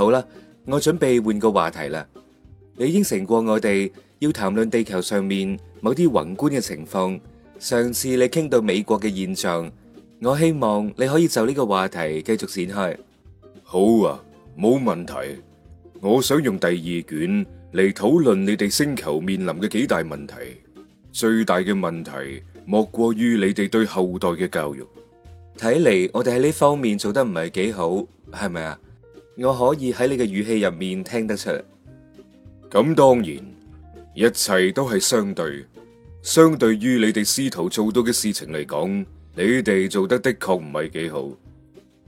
好啦，我準備換個話題啦。你已應承過我哋要談論地球上面某啲宏觀嘅情況。上次你傾到美國嘅現象，我希望你可以就呢個話題繼續展開。好啊，冇問題。我想用第二卷嚟討論你哋星球面臨嘅幾大問題。最大嘅問題莫過於你哋對後代嘅教育。睇嚟我哋喺呢方面做得唔係幾好，係咪啊？我可以喺你嘅語氣入面聽得出嚟。咁當然一切都係相對，相對於你哋試圖做到嘅事情嚟講，你哋做得的確唔係幾好。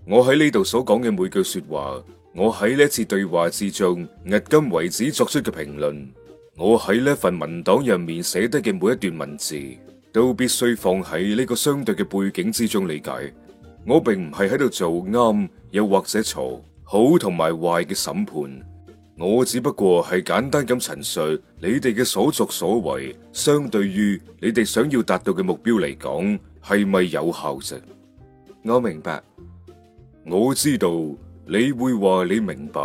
我喺呢度所講嘅每句說話，我喺呢次對話之中，迄今為止作出嘅評論，我喺呢份文檔入面寫得嘅每一段文字，都必須放喺呢個相對嘅背景之中理解。我並唔係喺度做啱，又或者錯。好同埋壞嘅審判，我只不過係簡單咁陳述你哋嘅所作所為，相對於你哋想要達到嘅目標嚟講，係咪有效啫？我明白，我知道你會話你明白，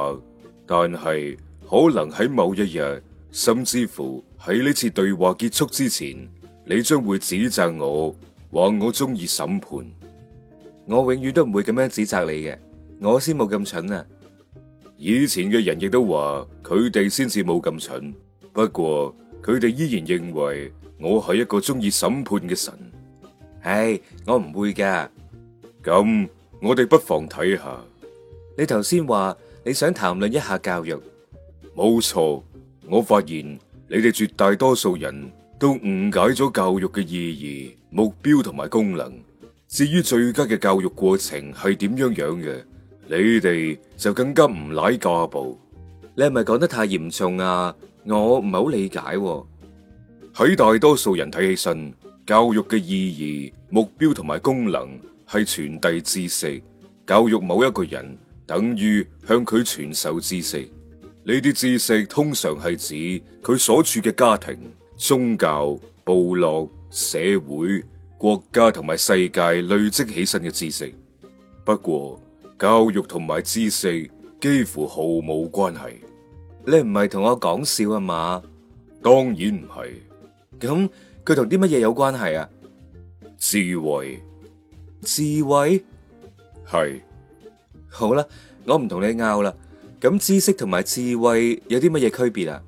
但係可能喺某一日，甚至乎喺呢次對話結束之前，你將會指責我，話我中意審判。我永遠都唔會咁樣指責你嘅。我先冇咁蠢啊！以前嘅人亦都話，佢哋先至冇咁蠢。不過佢哋依然認為我係一個鍾意審判嘅神。唉，hey，我唔會噶。咁我哋不妨睇下。你頭先話你想談論一下教育。冇錯，我發現你哋絕大多數人都誤解咗教育嘅意義、目標同埋功能。至於最佳嘅教育過程係點樣樣嘅？你哋就更加唔乃駕步。你係咪講得太嚴重啊？我唔係好理解啊。喺大多數人睇起身，教育嘅意義、目標同埋功能係傳遞知識。教育某一個人，等於向佢傳授知識。呢啲知識通常係指佢所處嘅家庭、宗教、部落、社會、國家同埋世界累積起身嘅知識。不過。教育同埋知識幾乎毫無關係。你唔係同我講笑啊嘛？當然唔係。咁佢同啲乜嘢有關係啊？智慧。智慧？係。好啦，我唔同你拗啦。咁知識同埋智慧有啲乜嘢區別啊？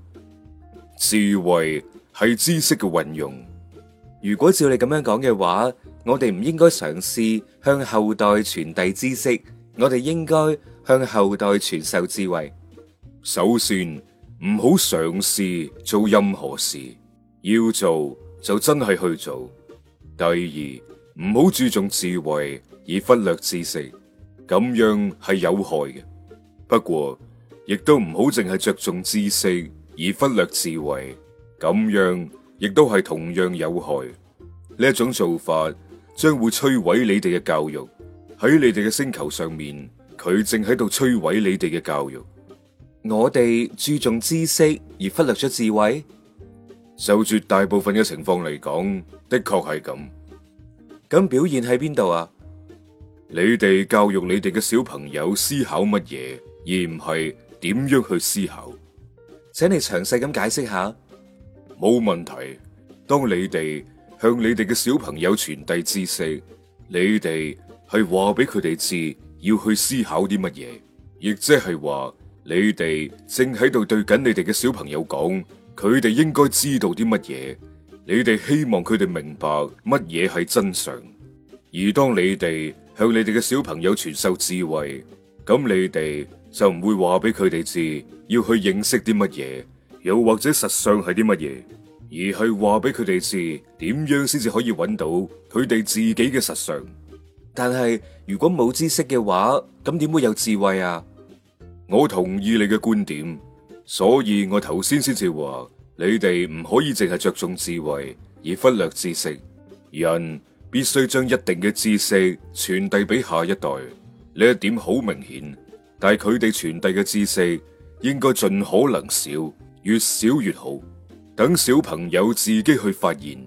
智慧係知識嘅運用。如果照你咁樣講嘅話，我哋唔應該嘗試向後代傳遞知識。我哋應該向後代傳授智慧。首先，唔好嘗試做任何事，要做就真係去做。第二，唔好注重智慧而忽略知識，咁樣係有害嘅。不過，亦都唔好淨係着重知識而忽略智慧，咁樣亦都係同樣有害。呢一種做法將會摧毀你哋嘅教育。喺你哋嘅星球上面，佢正喺度摧毀你哋嘅教育。我哋注重知識而忽略咗智慧。就絕大部分嘅情況嚟講，的確係咁。咁表現喺邊度啊？你哋教育你哋嘅小朋友思考乜嘢，而唔係點樣去思考。請你詳細咁解釋下？冇問題。當你哋向你哋嘅小朋友傳遞知識，你哋。係話俾佢哋知要去思考啲乜嘢，亦即係話你哋正喺度對緊你哋嘅小朋友講，佢哋應該知道啲乜嘢，你哋希望佢哋明白乜嘢係真相。而當你哋向你哋嘅小朋友傳授智慧，咁你哋就唔會話俾佢哋知要去認識啲乜嘢，又或者實相係啲乜嘢，而係話俾佢哋知點樣先至可以揾到佢哋自己嘅實相。但係如果冇知識嘅話，咁點會有智慧啊？我同意你嘅觀點，所以我頭先先至話你哋唔可以淨係着重智慧而忽略知識。人必須將一定嘅知識傳遞俾下一代，呢一點好明顯。但係佢哋傳遞嘅知識應該盡可能少，越少越好，等小朋友自己去發現。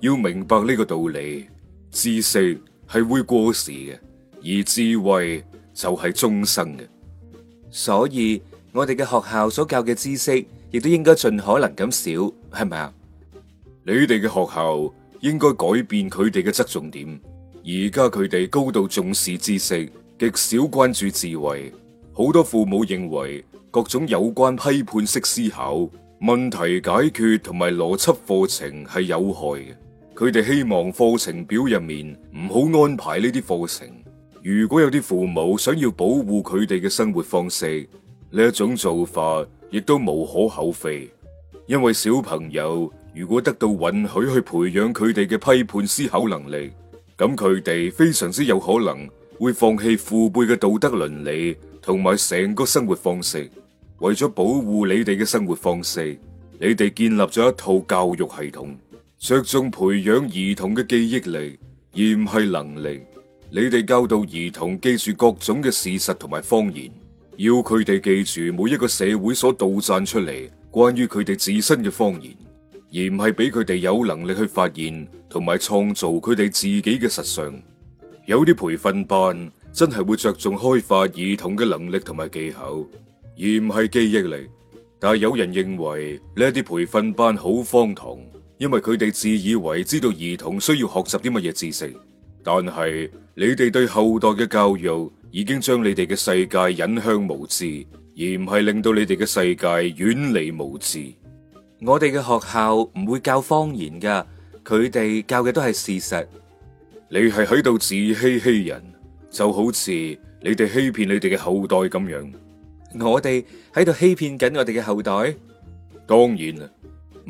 要明白呢個道理，知識。係會過時嘅，而智慧就係終生嘅，所以我哋嘅學校所教嘅知識，亦都應該盡可能咁少，係咪啊？你哋嘅學校應該改變佢哋嘅側重點，而家佢哋高度重視知識，極少關注智慧，好多父母認為各種有關批判式思考、問題解決同埋邏輯課程係有害嘅。佢哋希望課程表入面唔好安排呢啲課程。如果有啲父母想要保護佢哋嘅生活方式，呢一種做法亦都無可厚非。因為小朋友如果得到允許去培養佢哋嘅批判思考能力，咁佢哋非常之有可能會放棄父輩嘅道德倫理同埋成個生活方式。為咗保護你哋嘅生活方式，你哋建立咗一套教育系統。着重培養兒童嘅記憶力，而唔係能力。你哋教導兒童記住各種嘅事實同埋謊言，要佢哋記住每一個社會所杜撰出嚟關於佢哋自身嘅謊言，而唔係俾佢哋有能力去發現同埋創造佢哋自己嘅實相。有啲培訓班真係會着重開發兒童嘅能力同埋技巧，而唔係記憶力。但係有人認為呢啲培訓班好荒唐。因為佢哋自以為知道兒童需要學習啲乜嘢知識，但係你哋對後代嘅教育已經將你哋嘅世界引向無知，而唔係令到你哋嘅世界遠離無知。我哋嘅學校唔會教謊言噶，佢哋教嘅都係事實。你係喺度自欺欺人，就好似你哋欺騙你哋嘅後代咁樣。我哋喺度欺騙緊我哋嘅後代？當然啦，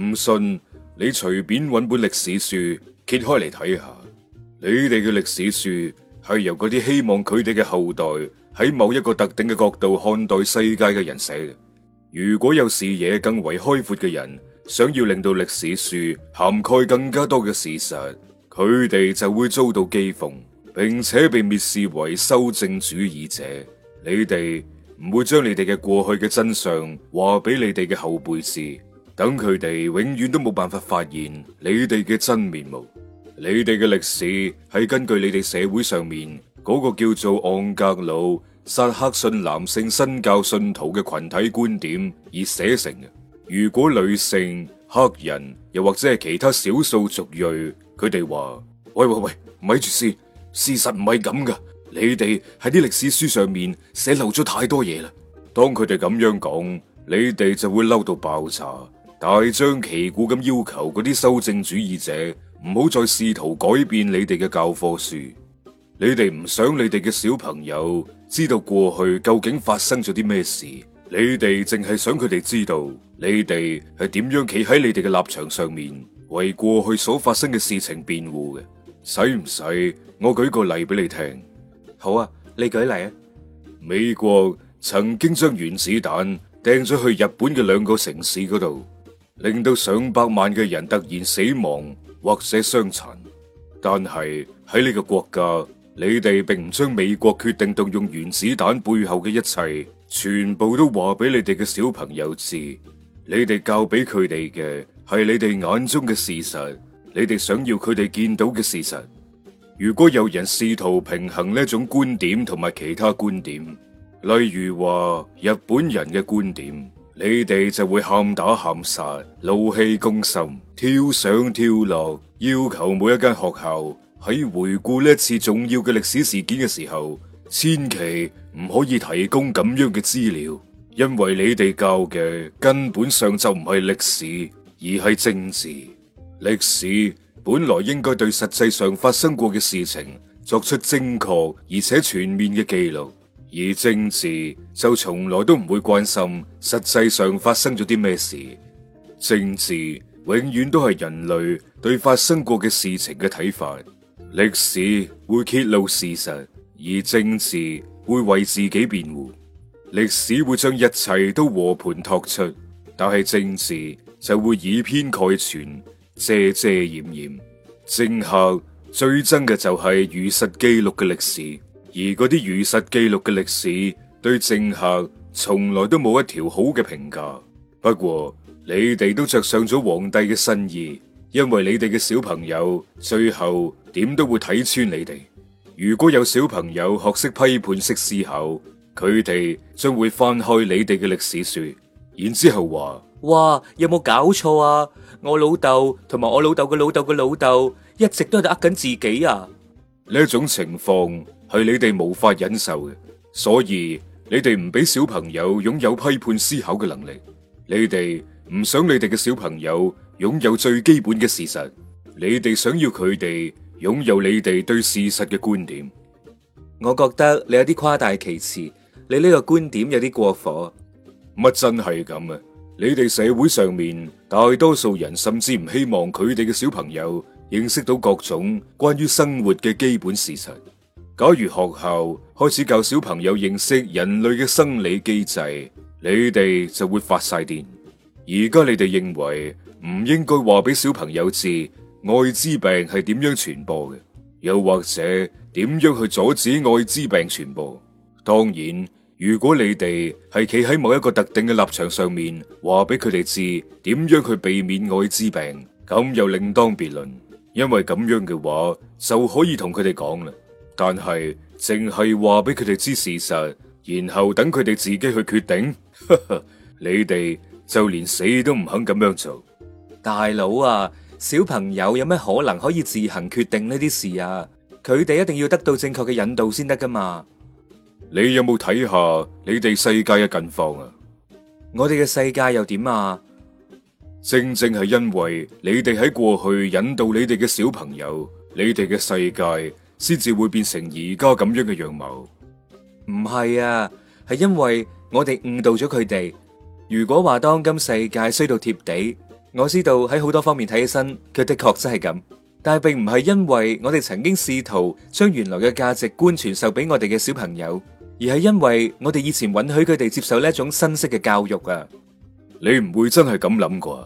唔信。你隨便揾本歷史書揭開嚟睇下，你哋嘅歷史書係由嗰啲希望佢哋嘅後代喺某一個特定嘅角度看待世界嘅人寫嘅。如果有視野更為開闊嘅人想要令到歷史書涵蓋更加多嘅事實，佢哋就會遭到譏諷，並且被蔑視為修正主義者。你哋唔會將你哋嘅過去嘅真相話俾你哋嘅後輩知。等佢哋永遠都冇辦法發現你哋嘅真面目。你哋嘅歷史係根據你哋社會上面嗰個叫做盎格魯撒克遜男性新教信徒嘅群體觀點而寫成嘅。如果女性、黑人又或者係其他少數族裔，佢哋話：喂喂喂，咪住先，事實唔係咁噶，你哋喺啲歷史書上面寫漏咗太多嘢啦。當佢哋咁樣講，你哋就會嬲到爆炸。大張旗鼓咁要求嗰啲修正主義者唔好再試圖改變你哋嘅教科書，你哋唔想你哋嘅小朋友知道過去究竟發生咗啲咩事，你哋淨係想佢哋知道你哋係點樣企喺你哋嘅立場上面為過去所發生嘅事情辯護嘅。使唔使我舉個例俾你聽？好啊，你舉例啊！美國曾經將原子彈掟咗去日本嘅兩個城市嗰度。令到上百萬嘅人突然死亡，或者傷殘，但係喺呢個國家，你哋並唔將美國決定動用原子彈背後嘅一切，全部都話俾你哋嘅小朋友知。你哋教俾佢哋嘅係你哋眼中嘅事實，你哋想要佢哋見到嘅事實。如果有人試圖平衡呢種觀點同埋其他觀點，例如話日本人嘅觀點。你哋就會喊打喊殺，怒氣攻心，跳上跳落，要求每一間學校喺回顧呢次重要嘅歷史事件嘅時候，千祈唔可以提供咁樣嘅資料，因為你哋教嘅根本上就唔係歷史，而係政治。歷史本來應該對實際上發生過嘅事情作出正確而且全面嘅記錄。而政治就從來都唔會關心實際上發生咗啲咩事，政治永遠都係人類對發生過嘅事情嘅睇法。歷史會揭露事實，而政治會為自己辯護。歷史會將一切都和盤托出，但係政治就會以偏概全、遮遮掩掩。政客最憎嘅就係如實記錄嘅歷史。而嗰啲如實記錄嘅歷史，對政客從來都冇一條好嘅評價。不過，你哋都着上咗皇帝嘅新衣，因為你哋嘅小朋友最後點都會睇穿你哋。如果有小朋友學識批判式思考，佢哋將會翻開你哋嘅歷史書，然之後話：哇，有冇搞錯啊？我老豆同埋我老豆嘅老豆嘅老豆，一直都係呃緊自己啊！呢種情況。係你哋無法忍受嘅，所以你哋唔俾小朋友擁有批判思考嘅能力，你哋唔想你哋嘅小朋友擁有最基本嘅事實，你哋想要佢哋擁有你哋對事實嘅觀點。我覺得你有啲誇大其詞，你呢個觀點有啲過火。乜真係咁啊？你哋社會上面大多數人甚至唔希望佢哋嘅小朋友認識到各種關於生活嘅基本事實。假如學校開始教小朋友認識人類嘅生理機制，你哋就會發晒癲。而家你哋認為唔應該話俾小朋友知艾滋病係點樣傳播嘅，又或者點樣去阻止艾滋病傳播？當然，如果你哋係企喺某一個特定嘅立場上面，話俾佢哋知點樣去避免艾滋病，咁又另當別論，因為咁樣嘅話就可以同佢哋講啦。但係淨係話俾佢哋知事實，然後等佢哋自己去決定。 你哋就連死都唔肯咁樣做，大佬啊！小朋友有咩可能可以自行決定呢啲事啊？佢哋一定要得到正確嘅引導先得噶嘛？你有冇睇下你哋世界嘅近況啊？我哋嘅世界又點啊？正正係因為你哋喺過去引導你哋嘅小朋友，你哋嘅世界。先至會變成而家咁樣嘅樣貌，唔係啊，係因為我哋誤導咗佢哋。如果話當今世界衰到貼地，我知道喺好多方面睇起身，佢的確真係咁。但係並唔係因為我哋曾經試圖將原來嘅價值觀傳授俾我哋嘅小朋友，而係因為我哋以前允許佢哋接受呢種新式嘅教育啊。你唔會真係咁諗啩？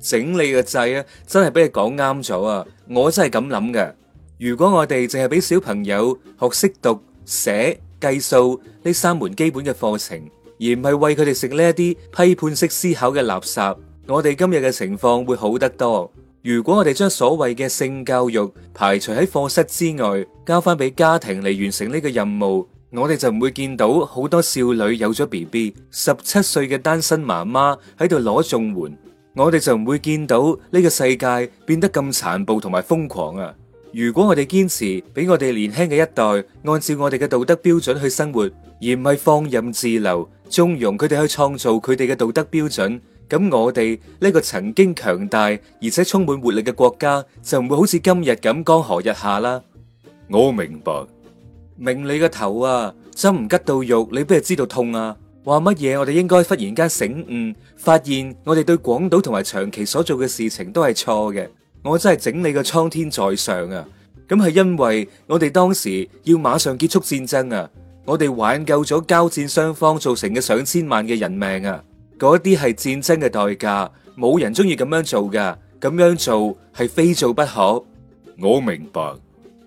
整理個掣啊，真係俾你講啱咗啊！我真係咁諗嘅。如果我哋淨係俾小朋友學識讀、寫、計數呢三門基本嘅課程，而唔係餵佢哋食呢一啲批判式思考嘅垃圾，我哋今日嘅情況會好得多。如果我哋將所謂嘅性教育排除喺課室之外，交翻俾家庭嚟完成呢個任務，我哋就唔會見到好多少女有咗 BB，十七歲嘅單身媽媽喺度攞綜援，我哋就唔會見到呢個世界變得咁殘暴同埋瘋狂啊！如果我哋堅持俾我哋年輕嘅一代按照我哋嘅道德標準去生活，而唔係放任自流、縱容佢哋去創造佢哋嘅道德標準，咁我哋呢、這個曾經強大而且充滿活力嘅國家就唔會好似今日咁江河日下啦。我明白，明你個頭啊，針唔吉到肉，你不如知道痛啊！話乜嘢？我哋應該忽然間醒悟，發現我哋對廣島同埋長崎所做嘅事情都係錯嘅。我真係整理個蒼天在上啊！咁係因為我哋當時要馬上結束戰爭啊！我哋挽救咗交戰雙方造成嘅上千萬嘅人命啊！嗰啲係戰爭嘅代價，冇人中意咁樣做噶，咁樣做係非做不可。我明白，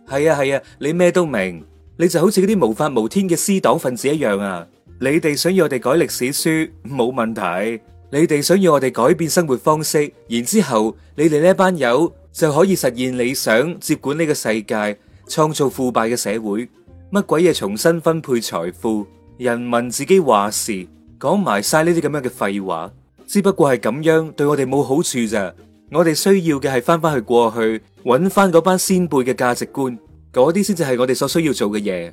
係啊係啊，你咩都明，你就好似嗰啲無法無天嘅私黨分子一樣啊！你哋想要我哋改歷史書，冇問題。你哋想要我哋改變生活方式，然之後你哋呢班友就可以實現理想，接管呢個世界，創造腐敗嘅社會，乜鬼嘢重新分配財富，人民自己話事，講埋晒呢啲咁樣嘅廢話，只不過係咁樣對我哋冇好處咋。我哋需要嘅係翻翻去過去，揾翻嗰班先輩嘅價值觀，嗰啲先至係我哋所需要做嘅嘢。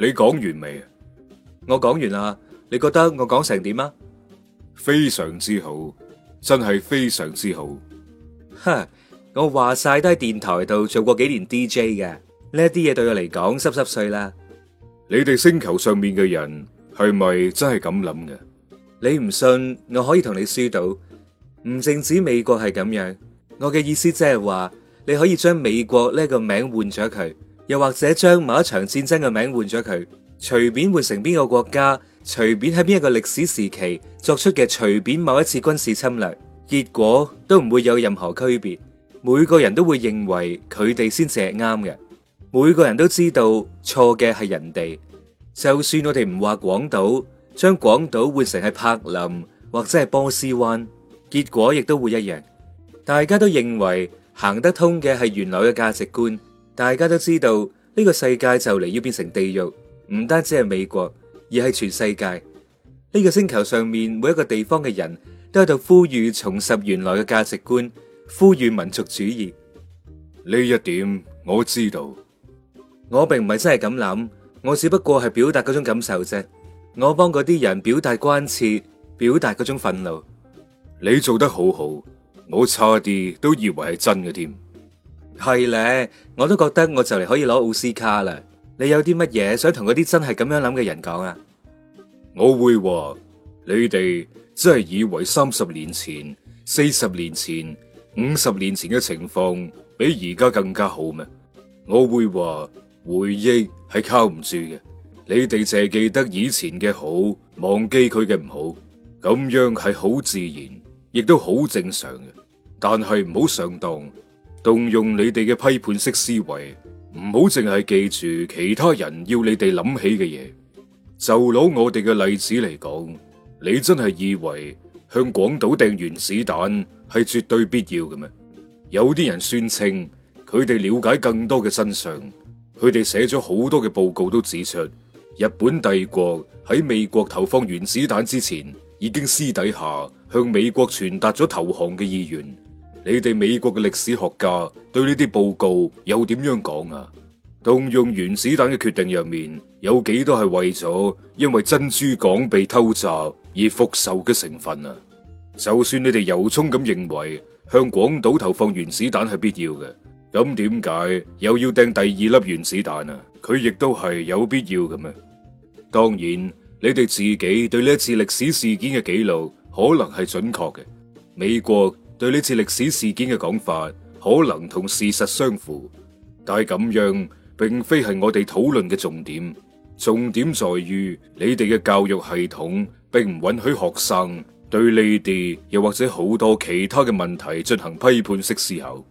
你講完未？我講完啦。你覺得我講成點啊？非常之好，真係非常之好。哈！ 我話晒都喺電台度做過幾年 DJ 嘅呢啲嘢，對我嚟講濕濕碎啦。你哋星球上面嘅人係咪真係咁諗嘅？你唔信，我可以同你輸到。唔淨止美國係咁樣，我嘅意思即係話，你可以將美國呢個名換咗佢，又或者將某一場戰爭嘅名換咗佢，隨便換成邊個國家。隨便喺邊一個歷史時期作出嘅，隨便某一次軍事侵略，結果都唔會有任何區別。每個人都會認為佢哋先至係啱嘅。每個人都知道錯嘅係人哋。就算我哋唔話廣島，將廣島換成係柏林或者係波斯灣，結果亦都會一樣。大家都認為行得通嘅係原來嘅價值觀。大家都知道呢個世界就嚟要變成地獄，唔單止係美國。而係全世界呢個星球上面每一個地方嘅人都喺度呼籲重拾原來嘅價值觀，呼籲民族主義。呢一點我知道，我並唔係真係咁諗，我只不過係表達嗰種感受啫。我幫嗰啲人表達關切，表達嗰種憤怒。你做得好好，我差啲都以為係真嘅添。係咧，我都覺得我就嚟可以攞奧斯卡啦。你有啲乜嘢想同嗰啲真係咁樣諗嘅人講啊？我？我會話，你哋真係以為三十年前、四十年前、五十年前嘅情況比而家更加好咩？我會話，回憶係靠唔住嘅，你哋淨係記得以前嘅好，忘記佢嘅唔好，咁樣係好自然，亦都好正常嘅。但係唔好上當，動用你哋嘅批判式思維。唔好淨係記住其他人要你哋諗起嘅嘢，就攞我哋嘅例子嚟講，你真係以為向廣島掟原子彈係絕對必要嘅咩？有啲人宣稱佢哋了解更多嘅真相，佢哋寫咗好多嘅報告都指出，日本帝國喺美國投放原子彈之前，已經私底下向美國傳達咗投降嘅意願。你哋美國嘅歷史學家對呢啲報告又點樣講啊？動用原子彈嘅決定入面有幾多係為咗因為珍珠港被偷襲而復仇嘅成分啊？就算你哋由衷咁認為向廣島投放原子彈係必要嘅，咁點解又要掟第二粒原子彈啊？佢亦都係有必要嘅咩？當然，你哋自己對呢次歷史事件嘅紀錄可能係準確嘅，美國，對呢次歷史事件嘅講法，可能同事實相符，但係咁樣並非係我哋討論嘅重點。重點在於你哋嘅教育系統並唔允許學生對你哋又或者好多其他嘅問題進行批判式思考。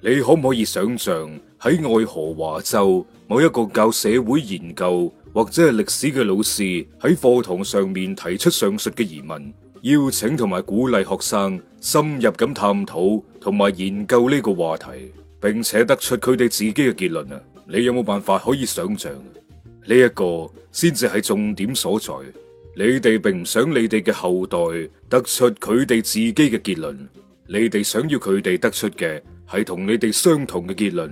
你可唔可以想象喺愛荷華州某一個教社會研究或者係歷史嘅老師喺課堂上面提出上述嘅疑問？邀請同埋鼓勵學生深入咁探討同埋研究呢個話題，並且得出佢哋自己嘅結論啊！你有冇辦法可以想象呢一個先至係重點所在？你哋並唔想你哋嘅後代得出佢哋自己嘅結論，你哋想要佢哋得出嘅係同你哋相同嘅結論，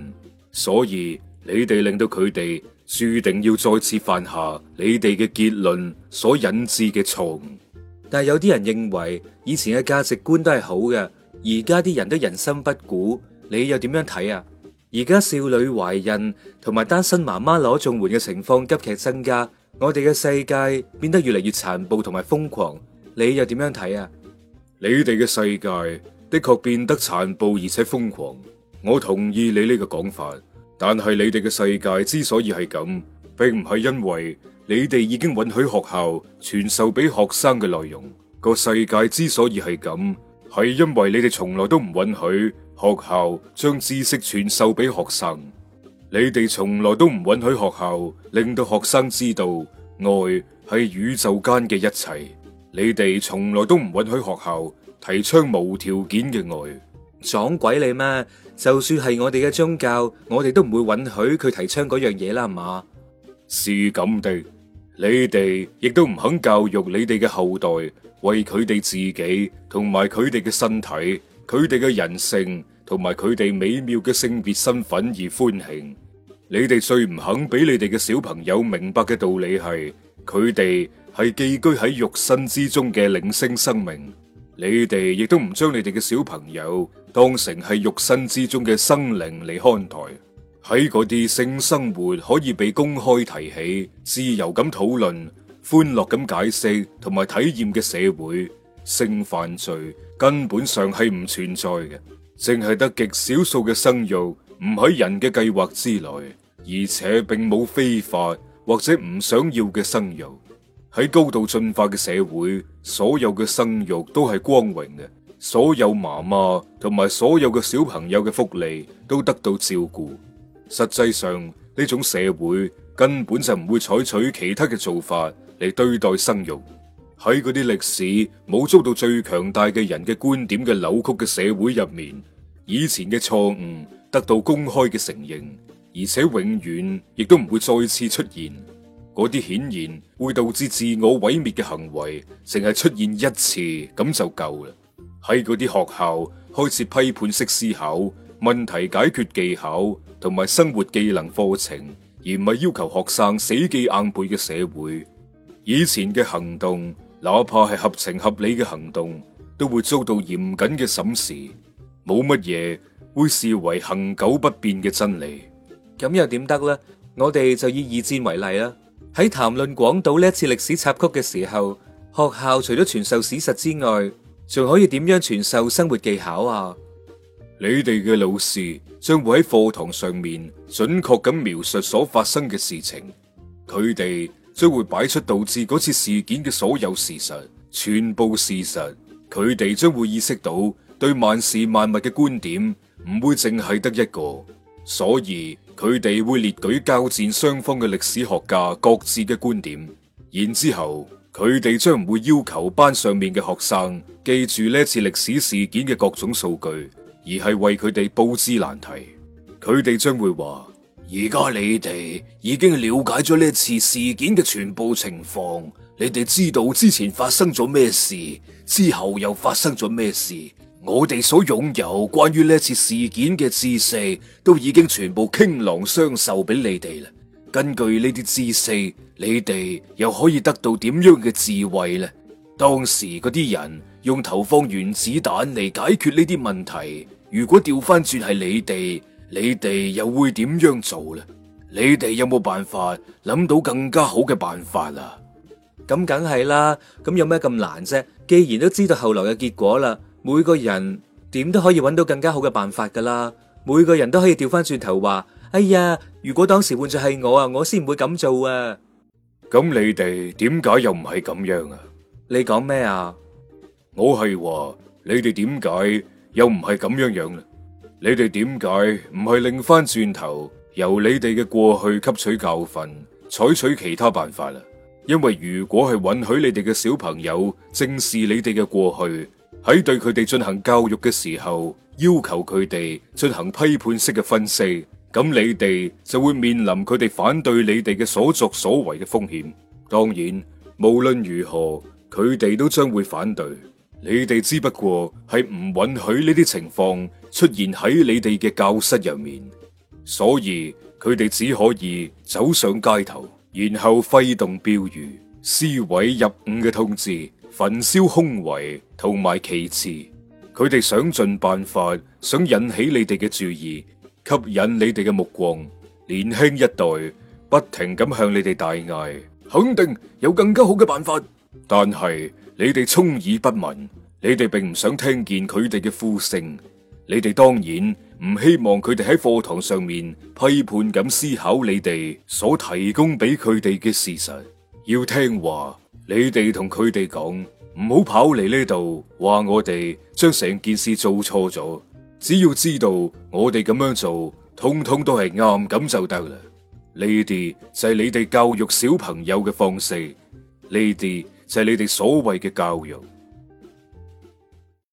所以你哋令到佢哋注定要再次犯下你哋嘅結論所引致嘅錯誤。但係有啲人認為以前嘅價值觀都係好嘅，而家啲人都人心不古，你又點樣睇啊？而家少女懷孕同埋單身媽媽攞綜援嘅情況急劇增加，我哋嘅世界變得越嚟越殘暴同埋瘋狂，你又點樣睇啊？你哋嘅世界的確變得殘暴而且瘋狂，我同意你呢個講法，但係你哋嘅世界之所以係咁，並唔係因為。你哋已經允許學校傳授俾學生嘅內容，個世界之所以係咁，係因為你哋從來都唔允許學校將知識傳授俾學生。你哋從來都唔允許學校令到學生知道愛係宇宙間嘅一切。你哋從來都唔允許學校提倡無條件嘅愛。撞鬼你咩？就算係我哋嘅宗教，我哋都唔會允許佢提倡嗰樣嘢啦嘛。是咁的。你哋亦都唔肯教育你哋嘅後代，為佢哋自己同埋佢哋嘅身體、佢哋嘅人性同埋佢哋美妙嘅性別身份而歡慶。你哋最唔肯俾你哋嘅小朋友明白嘅道理係，佢哋係寄居喺肉身之中嘅靈性生命。你哋亦都唔將你哋嘅小朋友當成係肉身之中嘅生靈嚟看待。喺嗰啲性生活可以被公開提起，自由咁討論，歡樂咁解釋同埋體驗嘅社會，性犯罪根本上係唔存在嘅。淨係得極少數嘅生育唔喺人嘅計劃之內，而且並冇非法或者唔想要嘅生育。喺高度進化嘅社會，所有嘅生育都係光榮嘅，所有媽媽同埋所有嘅小朋友嘅福利都得到照顧。實際上呢種社會根本就唔會採取其他嘅做法嚟對待生育。喺嗰啲歷史冇遭到最強大嘅人嘅觀點嘅扭曲嘅社會入面，以前嘅錯誤得到公開嘅承認，而且永遠亦都唔會再次出現。嗰啲顯然會導致自我毀滅嘅行為，淨係出現一次咁就夠啦。喺嗰啲學校開始批判式思考、問題解決技巧。同埋生活技能課程，而唔係要求學生死記硬背嘅社會。以前嘅行動，哪怕係合情合理嘅行動，都會遭到嚴謹嘅審視。冇乜嘢會視為恒久不變嘅真理。咁又點得呢？我哋就以二戰為例啦。喺談論廣島呢次歷史插曲嘅時候，學校除咗傳授史實之外，仲可以點樣傳授生活技巧啊？你哋嘅老師將會喺課堂上面準確咁描述所發生嘅事情。佢哋將會擺出導致嗰次事件嘅所有事實，全部事實。佢哋將會意識到對萬事萬物嘅觀點唔會淨係得一個，所以佢哋會列舉交戰雙方嘅歷史學家各自嘅觀點。然之後佢哋將唔會要求班上面嘅學生記住呢次歷史事件嘅各種數據。而係為佢哋布置難題，佢哋將會話：而家你哋已經了解咗呢次事件嘅全部情況，你哋知道之前發生咗咩事，之後又發生咗咩事。我哋所擁有關於呢次事件嘅知識都已經全部傾囊相授俾你哋啦。根據呢啲知識，你哋又可以得到點樣嘅智慧呢？當時嗰啲人，用投放原子彈嚟解決呢啲問題，如果調翻轉係你哋，你哋又會點樣做咧？你哋有冇辦法諗到更加好嘅辦法啊？咁梗係啦，咁有咩咁難啫？既然都知道後來嘅結果啦，每個人點都可以揾到更加好嘅辦法噶啦，每個人都可以調翻轉頭話：哎呀，如果當時換咗係我啊，我先唔會咁做啊！咁你哋點解又唔係咁樣啊？你講咩啊？我係話你哋點解又唔係咁樣樣啦？你哋點解唔係擰翻轉頭，由你哋嘅過去吸取教訓，採取其他辦法啦？因為如果係允許你哋嘅小朋友正視你哋嘅過去，喺對佢哋進行教育嘅時候，要求佢哋進行批判式嘅分析，咁你哋就會面臨佢哋反對你哋嘅所作所為嘅風險。當然，無論如何，佢哋都將會反對。你哋只不過係唔允許呢啲情況出現喺你哋嘅教室入面，所以佢哋只可以走上街頭，然後揮動標語、撕毀入伍嘅通知、焚燒胸圍同埋旗幟。佢哋想盡辦法，想引起你哋嘅注意，吸引你哋嘅目光。年輕一代不停咁向你哋大嗌，肯定有更加好嘅辦法，但係。你哋充耳不聞，你哋並唔想聽見佢哋嘅呼聲，你哋當然唔希望佢哋喺課堂上面批判咁思考你哋所提供俾佢哋嘅事實。要聽話，你哋同佢哋講唔好跑嚟呢度，話我哋將成件事做錯咗。只要知道我哋咁樣做，通通都係啱，咁就得啦。呢啲就係你哋教育小朋友嘅方式，呢啲。就係你哋所謂嘅教育。